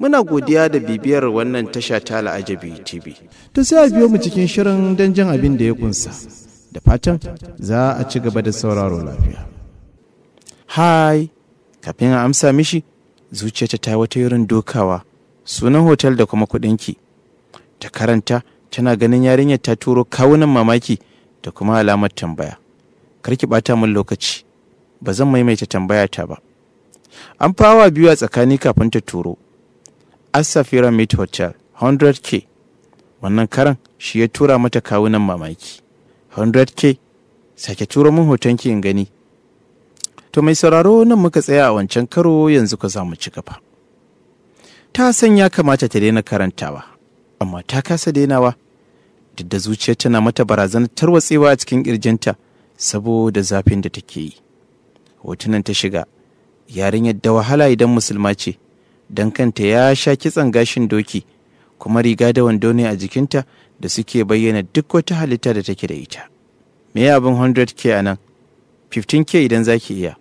muna godiya da bibiyar wannan tasha ta la'ajabi tv ta sai a biyo mu cikin shirin don jin abin da ya kunsa da fatan za a ci gaba da sauraro lafiya hai kafin a amsa mishi zuciyarta ta wata irin dokawa sunan hotel da kuma ki. ta karanta tana ganin yarinyar ta turo kawunan mamaki da kuma alamar tambaya karki bata min lokaci ba zan maimaita tambaya ta ba an fawa biyu a tsakani kafin ta turo asafira mid hotel 100k wannan karan shi ya tura mata kawunan mamaki 100k sake tura mun hoton ki in gani to mai sauraro nan muka tsaya a wancan karo yanzu ka mu ci gaba ta san ya kamata ta daina karantawa amma ta kasa dainawa duk da zuciyar tana mata barazanar tarwatsewa a cikin kirjinta saboda zafin da take yi hotunan ta shiga yarinyar da wahala idan musulma ce don kanta ya sha kitsan gashin doki kuma riga da wando ne a jikinta da suke bayyana duk wata halitta da take da ita me abin 100k a nan 15k idan za ki iya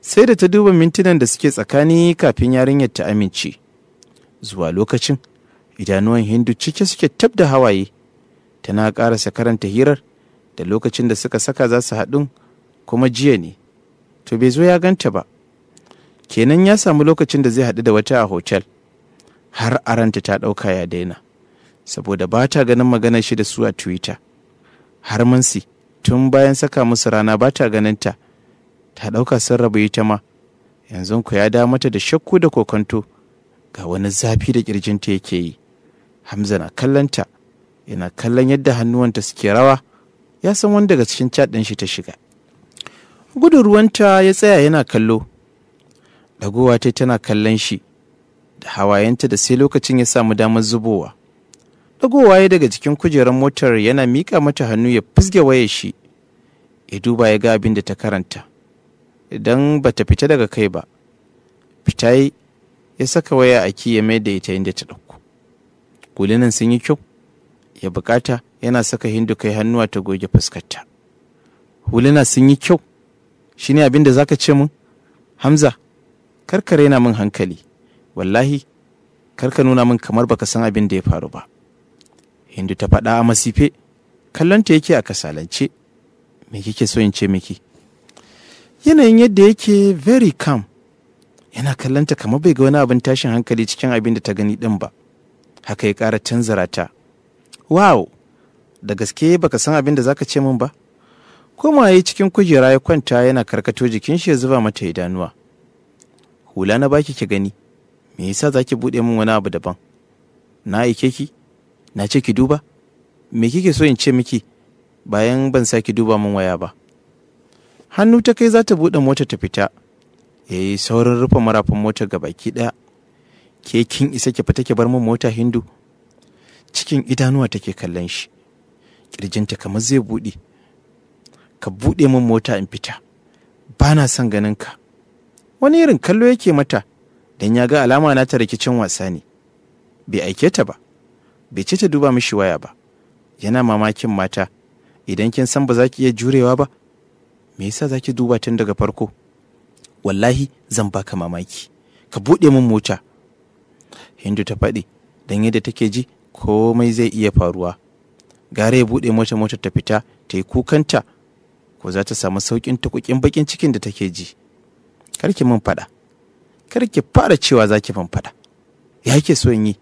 sai da ta duba mintunan da suke tsakani kafin yarinyar ta amince zuwa lokacin idanuwan hindu cike suke tab da hawaye tana ƙarasa karanta hirar da lokacin da suka saka za su haɗu kuma jiya ne to bai zo ya ganta ba kenan ya samu lokacin da zai haɗu da wata a hotel har aranta ta ɗauka ya daina saboda ba ta ganin maganar shi da su a twitter har mansi tun bayan saka musu rana ba ta ganinta ta ɗauka sun rabu ita ma yanzu ku ya da mata da shakku da kokonto ga wani zafi da kirjinta yake yi hamza na kallonta yana kallon yadda hannuwanta suke rawa ya san wani daga cikin cat ɗin shi ta shiga gudun ruwanta ya tsaya yana kallo ɗagowa ta tana kallon shi da hawayenta da sai lokacin ya samu damar zubowa ɗagowa ya daga cikin kujerar motar yana miƙa mata hannu ya fizge wayar shi ya duba ya ga abin da ta karanta idan ba ta fita daga kai ba fita yi ya saka waya a ki ya mai da ita inda ta ɗauko gulinin sun yi kyau ya bukata yana saka hindu kai hannuwa ta goge fuskarta huluna sun yi kyau shine abin da zaka ce mun hamza karka raina min hankali wallahi karka nuna min kamar baka san abin da ya faru ba hindu ta faɗa a masife kallonta yake a kasalance me kike so in ce miki yanayin yadda yake very calm yana kallonta kamar bai ga wani abin tashin hankali cikin abin da ta gani din ba haka ya kara canzara ta wow da gaske baka san abin da zaka ce min ba yi cikin kujera ya kwanta yana karkato jikin shi ya zuba mata idanuwa hula na baki ki gani me yasa za ki buɗe min wani abu daban na aike ki na ce ki duba me kike so in ce miki bayan ban sa ki duba min waya ba hannu ta kai za ta buɗe mota ta fita ya yi saurin rufe marafin mota ga baki ɗaya ke kin isa ki fita ki bar min mota hindu cikin idanuwa take kallon shi ƙirjinta kamar zai buɗe ka buɗe min mota in fita bana son ganin ka wani irin kallo yake mata don ya ga alama na ta rikicin wasa ne bai aike ta ba bai ce ta duba mishi waya ba yana mamakin mata idan kin san ba za ki iya jurewa ba me yasa za ki duba tun daga farko wallahi zan baka mamaki ka buɗe min mota hindu ta faɗi don yadda take ji komai zai iya faruwa gara ya buɗe mota motar ta fita ta yi kukanta ko za ta samu sauƙin tukukin baƙin cikin da take ji karki min faɗa karki fara cewa za ki min faɗa ya ke so in yi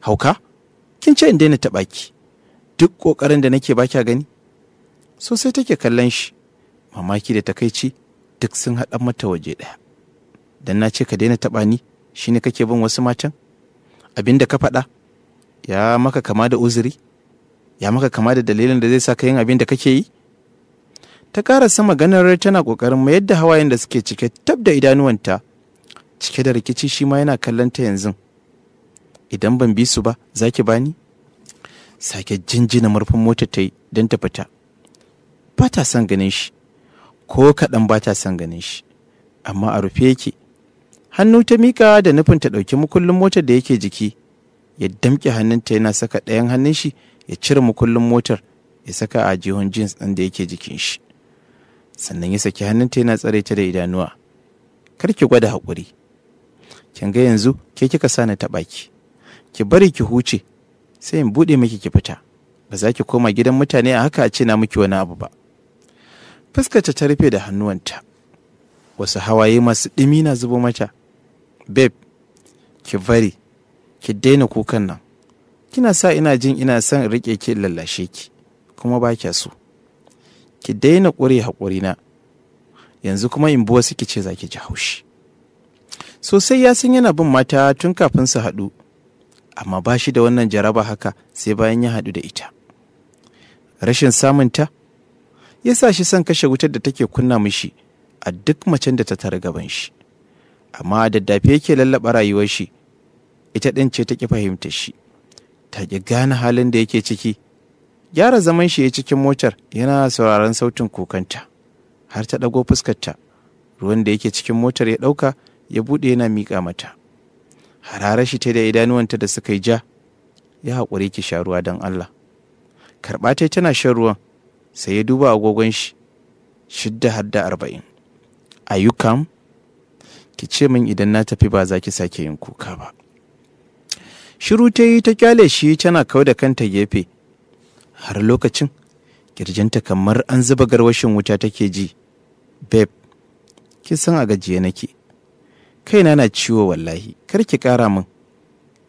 hauka kin ce in daina taɓa ki duk ƙoƙarin da nake ba kya gani so sai take kallon shi mamaki da takaici duk sun haɗa mata waje ɗaya dan na ce ka daina taɓa ni shine kake bin wasu matan abin da ka faɗa ya maka kama da uzuri ya maka kama da dalilin da zai sa ka yin abin da kake yi ta karasa maganar tana kokarin mayar da hawayen da suke cike tab da idanuwanta cike da rikici shi ma yana kallon ta yanzu idan ban bi su ba za ki bani sake jinjina murfin motar ta yi don ta fita ba ta son ganin shi ko kaɗan ba ta son ganin shi amma a rufe yake hannu ta mika da nufin ta ɗauki mukullin motar da yake jiki ya damƙe hannunta yana saka ɗayan hannun shi ya cire mukullin motar ya saka a jihun jeans ɗin da yake jikin shi sannan ya saki hannunta yana tsare ta da idanuwa kar ki gwada haƙuri kin ga yanzu ke kika sa na taɓa ki ki bari ki huce sai in buɗe miki ki fita ba za ki koma gidan mutane a haka a ce na miki wani abu ba fuskarta ta rufe da hannuwanta wasu hawaye masu ɗimi na zubo mata babe ki bari ki daina kukan nan kina sa ina jin ina son rike ki lallashe ki kuma ba kya so ki daina ƙure na. yanzu kuma in bi wasu kice ce za ki ji haushi sosai ya san yana bin mata tun kafin su haɗu amma ba shi da wannan jaraba haka sai bayan ya haɗu da ita rashin ta ya sa shi son kashe wutar da take kunna mishi a duk macen da ta tara gaban shi amma a daddafe yake lallaɓa rayuwar shi ita ɗin ce ta ƙi fahimta shi ta ƙi gane halin da yake ciki gyara zaman shi ya cikin motar yana sauraron sautin kukanta har ta ɗago fuskarta ruwan da yake cikin motar ya ɗauka ya buɗe yana miƙa mata harare shi ta da idanuwanta da suka yi ja ya haƙuri ki sha ruwa don Allah karɓa ta tana shan ruwan sai ya duba agogon shi shidda har da arba'in Ayyukan? ki ce min idan na tafi ba za ki sake yin kuka ba shiru ta yi ta kyale shi tana kau da kanta gefe har lokacin kirjinta kamar an zuba garwashin wuta take ji Beb, kin san a gajiye nake kaina na ciwo wallahi kar ki kara min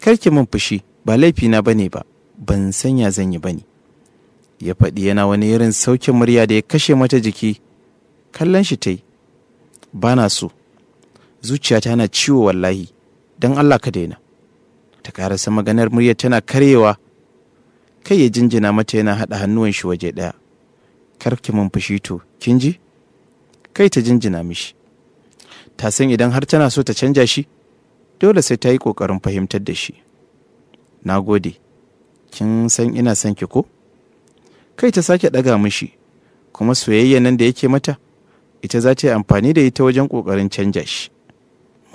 kar ki min fushi ba na bane ba ban sanya zan yi bane ya faɗi yana wani irin saukin murya da ya kashe mata jiki kallon shi ta yi ba na so zuciyata na ciwo wallahi don allah ka daina ta karasa maganar murya tana karyewa kai ya jinjina mata yana haɗa hannuwan shi waje ɗaya kar ki mun fushi to kin ji kai ta jinjina mishi ta san idan har tana so ta canja shi dole sai ta yi ƙoƙarin fahimtar da shi na gode kin san ina son ki ko kai ta sake ɗaga mishi kuma soyayya nan da yake mata ita za ta yi amfani da ita wajen ƙoƙarin canja shi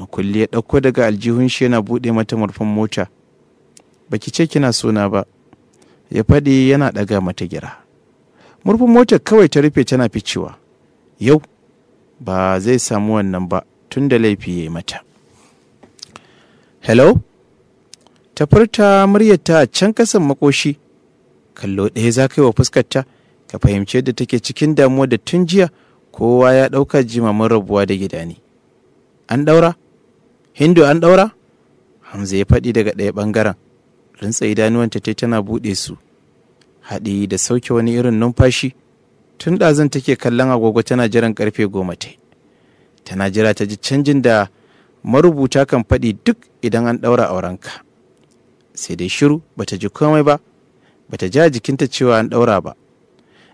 makulli ya ɗauko daga aljihun shi yana buɗe mata murfin mota baki ce kina sona ba ya faɗi yana ɗaga mata gira murfin motar kawai ta rufe tana ficewa yau ba zai samu wannan ba tun da laifi ya yi mata hello ta furta muryarta a can kasan makoshi kallo ɗaya za ka yi wa fuskarta ka fahimci yadda take cikin damuwa da tun jiya kowa ya ɗauka jimamin rabuwa da gida ne an ɗaura hindu an ɗaura hamza ya faɗi daga ɗaya ɓangaren rintsa idanuwanta ta tana buɗe su haɗi da sauke wani irin numfashi tun ɗazun take kallon agogo tana jiran karfe goma ta tana jira ta ji canjin da marubuta kan faɗi duk idan an ɗaura aurenka sai dai shiru bata ji komai ba bata ja jikinta cewa an ɗaura ba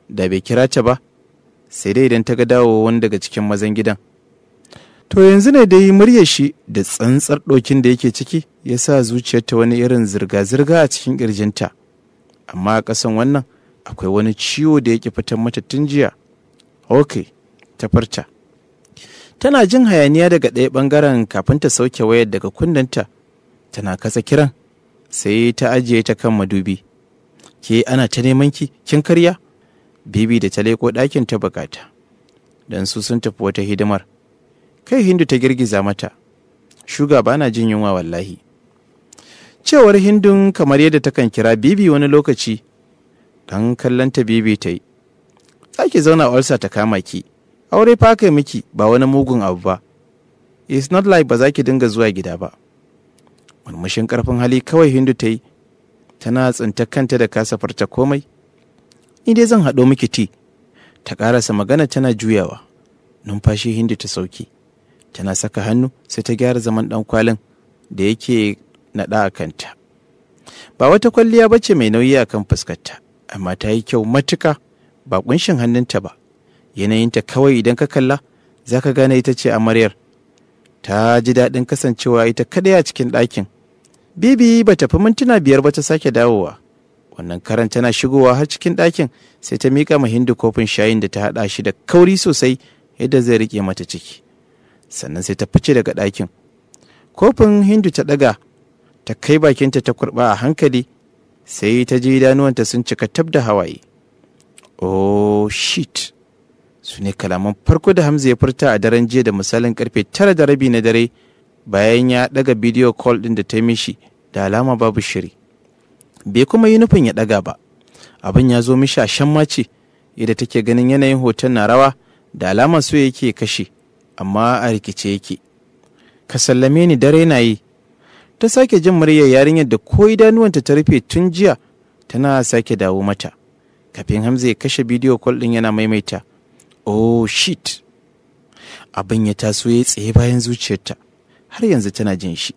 da bai kira ta ba sai dai idan ta ga dawowa wani daga cikin mazan gidan To yanzu ne dai murya shi da tsantsar ɗokin da yake ciki ya sa zuciyarta wani irin zirga-zirga a cikin ƙirjinta. Amma a ƙasan wannan akwai wani ciwo da yake fitan mata tun jiya. Ok, ta farta. Tana jin hayaniya daga ɗaya ɓangaren kafin ta sauke wayar daga kundinta. Tana kasa kiran sai ta ajiye ta kan madubi. Ke ana ta neman ki, kin karya? Bibi da ta leko ɗakin ta bukata. Dan su sun tafi wata hidimar. kai hindu ta girgiza mata shuga ba na jin yunwa wallahi cewar hindun kamar yadda ta kan kira bibi wani lokaci dan kallanta bibi ta yi ki zauna olsa ta kama ki aure fa kai miki ba wani mugun abu ba it's not like ba za ki dinga zuwa gida ba murmushin karfin hali kawai hindu ta yi tana tsinta kanta da kasafarta komai ni dai zan haɗo miki ti ta ƙarasa magana tana juyawa numfashi hindu ta sauki tana saka hannu sai ta gyara zaman ɗan kwalin da yake naɗa a kanta ba wata kwalliya bace mai nauyi a kan fuskarta amma ta yi kyau matuka ba kunshin hannunta ba yanayinta kawai idan ka kalla za ka gane ita ce amaryar ta ji daɗin kasancewa ita kaɗai a cikin ɗakin bibi ba ta fi mintuna biyar ba ta sake dawowa wannan karan tana shigowa har cikin ɗakin sai ta miƙa ma hindu kofin shayin da ta haɗa shi da kauri sosai yadda zai riƙe mata ciki sannan sai ta fice daga ɗakin kofin hindu ta ɗaga ta kai bakinta ta kurɓa a hankali sai ta ji idanuwanta sun cika tab da hawaye oh shit su ne kalaman farko da hamza ya furta a daren jiya da misalin karfe tara da rabi na dare bayan ya ɗaga bidiyo call ɗin da ta mishi da alama babu shiri bai kuma yi nufin ya ɗaga ba abin ya zo mishi a shan mace yadda take ganin yanayin hoton na rawa da alama so yake kashe amma a rikice yake ka sallame ni dare na yi ta sake jin muryar yarinyar da ko idanuwanta ta rufe tun jiya tana sake dawo mata kafin hamza ya kashe bidiyo kwal ɗin yana maimaita oh shit abin ya taso ya tsaye bayan zuciyarta har yanzu tana jin shi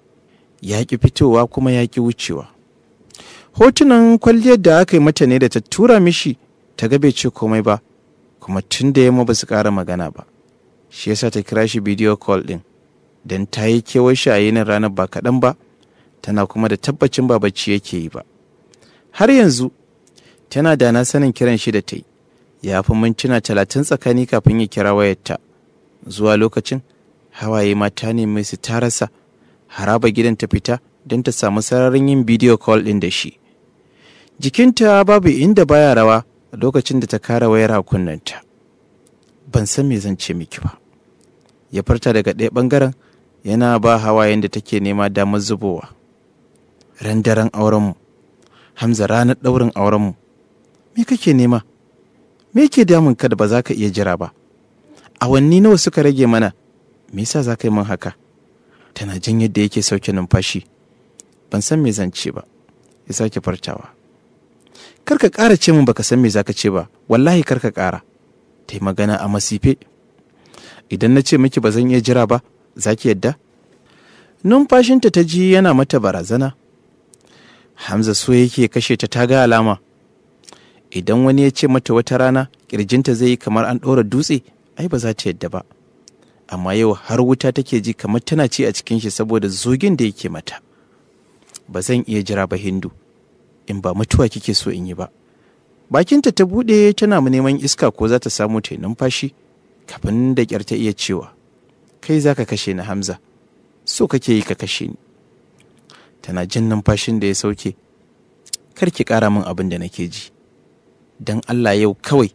ya ki fitowa kuma ya ki wucewa hotunan kwalliyar da aka yi mata ne da ta tura mishi ta gabe ce komai ba kuma tun da yamma ba su ƙara magana ba shi yasa ta kira shi bidiyo call din don ta yi kewar shi a yinin ranar ba kaɗan ba tana kuma da tabbacin ba bacci yake yi ba har yanzu tana da na sanin kiran shi da ta yi ya fi mintuna talatin tsakani kafin ya kira wayarta zuwa lokacin hawaye mata ne mai su rasa haraba gidan ta fita don ta samu sararin yin bidiyo call din da shi jikinta babu inda baya rawa lokacin da ta kara wayar hakunnanta ban san me zan ce miki ba ya farta daga ɗaya ɓangaren yana ba hawayen da take nema damar zubowa ran daren aurenmu hamza ranar ɗaurin aurenmu me kake nema me ke damun ka da ba za ka iya jira ba awanni nawa suka rage mana me yasa za ka yi min haka tana jin yadda yake sauke numfashi ban san me zan ce ba ya sake farcawa kar ka ƙara ce min baka san me za ka ce ba wallahi kar ka ƙara ta yi magana a masife idan na ce miki ba zan iya jira ba za ki yadda numfashinta ta ji yana mata barazana hamza so yake kashe ta ta ga alama idan wani ya ce mata wata rana kirjinta zai yi kamar an ɗora dutse ai ba za ta yadda ba amma yau har wuta take ji kamar tana ci a cikin shi saboda zogin da yake mata ba zan iya jira ba hindu in ba mutuwa kike so in yi ba bakinta ta buɗe tana mu neman iska ko za ta samu ta numfashi kafin da ƙyar ta iya cewa kai za ka kashe ni hamza so kake yi ka kashe ni tana jin numfashin da ya sauke kar ki ƙara min abin da nake ji don allah yau kawai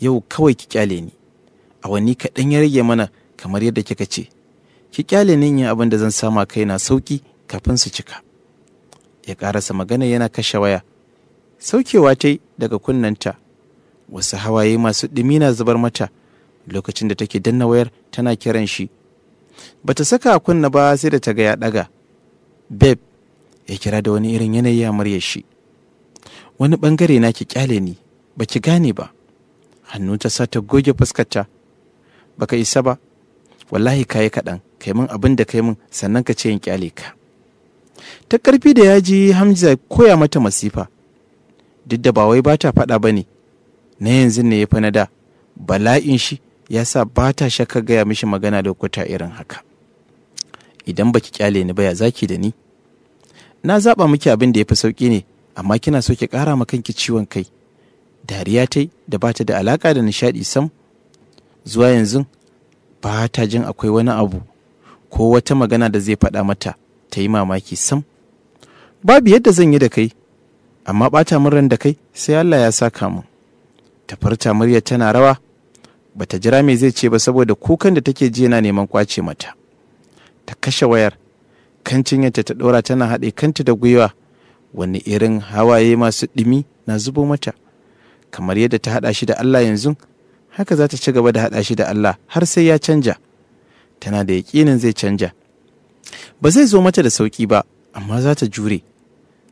yau kawai ki kyale ni awanni kaɗan ya rage mana kamar yadda kika ce ki kyale ni yin abin da zan sama kaina sauki kafin su cika ya ƙarasa magana yana kashe waya saukewa ta yi daga kunnanta wasu hawaye masu ɗumi na zubar mata lokacin da take danna wayar tana kiran shi ba ta saka kunna ba sai da ta ga ya ɗaga beb ya kira da wani irin yanayi a murya shi wani ɓangare na ki kyale ni ba ki gane ba hannu ta sa ta goge fuskarta baka isa ba wallahi yi kaɗan kai min abin da kai min sannan ka ce yin kyale ka ta ƙarfi da yaji hamza koya mata masifa duk da ba wai ba ta faɗa ba ne na yanzu ne ya fi na da bala'in shi ya sa ba ta shakka gaya mishi magana da kuta irin haka idan baki kyale ni ba ya zaki da ni na zaɓa miki abin da ya fi sauƙi ne amma kina so ki ƙara ma kanki ciwon kai dariya ta da ba ta da alaƙa da nishaɗi sam zuwa yanzu ba ta jin akwai wani abu ko wata magana da zai faɗa mata ta yi mamaki sam babu yadda zan yi da kai amma ɓata min ran da kai sai Allah ya saka mu ta farta murya tana rawa bata jira me zai ce ba saboda kukan da take ji yana neman kwace mata ta kashe wayar kan cinyarta ta ɗora tana haɗe kanta da gwiwa wani irin hawaye masu ɗimi na zubo mata kamar yadda ta haɗa shi da Allah yanzu haka za ta ci gaba da haɗa shi da Allah har sai ya canja tana da yaƙinin zai canja ba zai zo mata da sauƙi ba amma za ta jure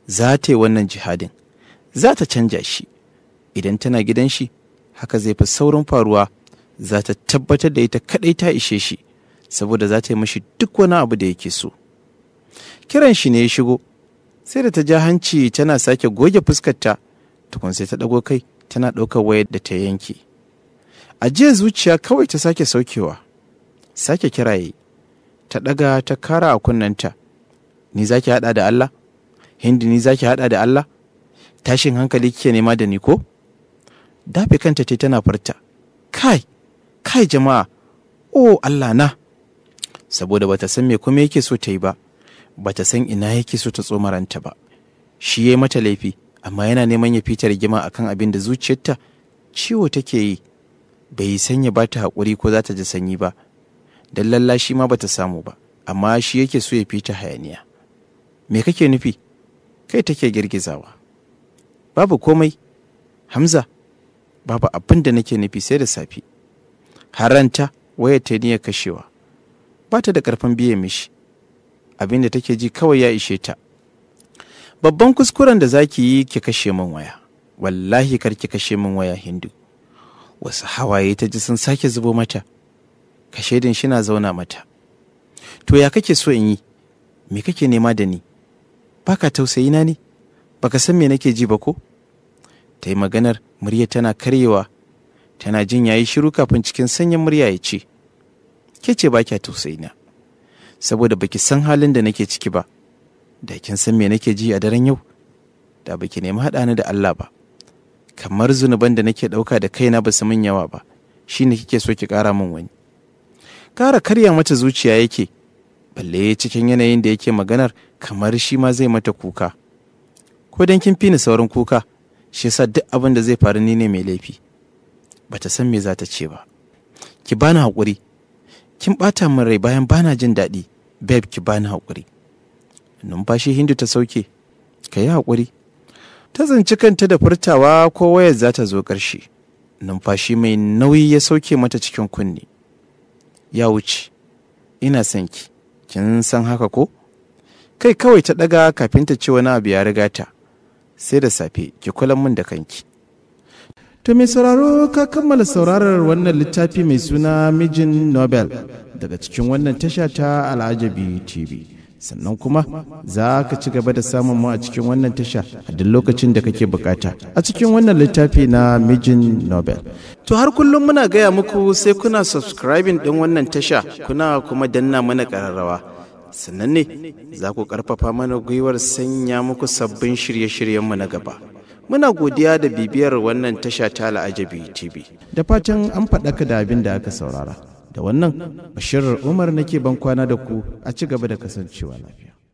za ta yi wannan jihadin za ta canja shi idan tana gidan shi haka zai fi saurin faruwa za ta tabbatar da ita kaɗai ta ishe shi saboda za ta yi mashi duk wani abu da yake so kiran shi ne ya shigo sai da ta ja hanci tana sake goge fuskarta tukun sai ta ɗago kai tana ɗaukar wayar da ta yanke a jiya zuciya kawai ta sake saukewa sake kiraye ta ɗaga ta kara a kunnanta ni zaki haɗa da Allah hindi ni zaki hada da Allah tashin hankali kike nema da ni ko dafe kanta ce tana farta kai kai jama'a o Allah na saboda bata san me kuma yake so ta yi ba bata san ina yake so ta tsomaranta ba shi yayi mata laifi amma yana neman ya fita rigima akan abin da zuciyarta ciwo take yi bai sanya ya bata haƙuri ko za ta ji sanyi ba don lallashi ma bata samu ba amma shi yake so ya fita hayaniya me kake nufi kai take girgizawa babu komai hamza babu abin da nake nufi sai da safi haranta waya ta niyyar kashewa ba ta da karfin biye mishi abin da take ji kawai ya ishe ta babban kuskuren da zaki yi ki kashe min waya wallahi kar ki kashe min waya hindu wasu hawaye ta ji sun sake zubo mata kashe din shi na zauna mata to ya kake so in yi me kake nema da ni baka tausayi na ne baka san me nake ji ba ko ta yi maganar murya tana karyewa tana jin yayi shiru kafin cikin sanyin murya ya ce ke ce ba kya tausayi na saboda baki san halin da nake ciki ba da kin san me nake ji a daren yau da baki nemi haɗa ni da Allah ba kamar zunuban da nake ɗauka da kaina ba su min yawa ba shi shine kike so ki ƙara min wani Kara karya mata zuciya yake balle cikin yanayin da yake maganar kamar shi ma zai mata kuka ko dan kin fi ni saurin kuka shi yasa duk abin da zai faru ni ne mai laifi bata san me za ta ce ba ki bani haƙuri kin ɓata min rai bayan bana jin daɗi babe ki bani haƙuri numfashi hindu ta sauke ka yi haƙuri ta zanci kanta da furtawa ko wayar za ta zo ƙarshe numfashi mai nauyi ya sauke mata cikin kunni ya wuce ina son ki kin san haka ko kai kawai ta ɗaga kafin ta ci wani abu ya riga ta sai da safe ki kula mun da kanki to mai sauraro ka kammala saurarar wannan littafi mai suna mijin nobel daga cikin wannan tasha ta al'ajabi tv sannan kuma za ka ci gaba da samun mu a cikin wannan tasha a duk lokacin da kake bukata a cikin wannan littafi na mijin nobel to har kullum muna gaya muku sai kuna subscribing din wannan tasha kuna kuma danna mana kararrawa sannan ne za ku ƙarfafa mana gwiwar sanya muku sabbin shirye-shiryenmu na gaba muna godiya da bibiyar wannan tasha ta la'ajabi tv da fatan an faɗaka da abin da aka saurara da wannan bashirar umar nake ban kwana da ku a ci gaba da kasancewa lafiya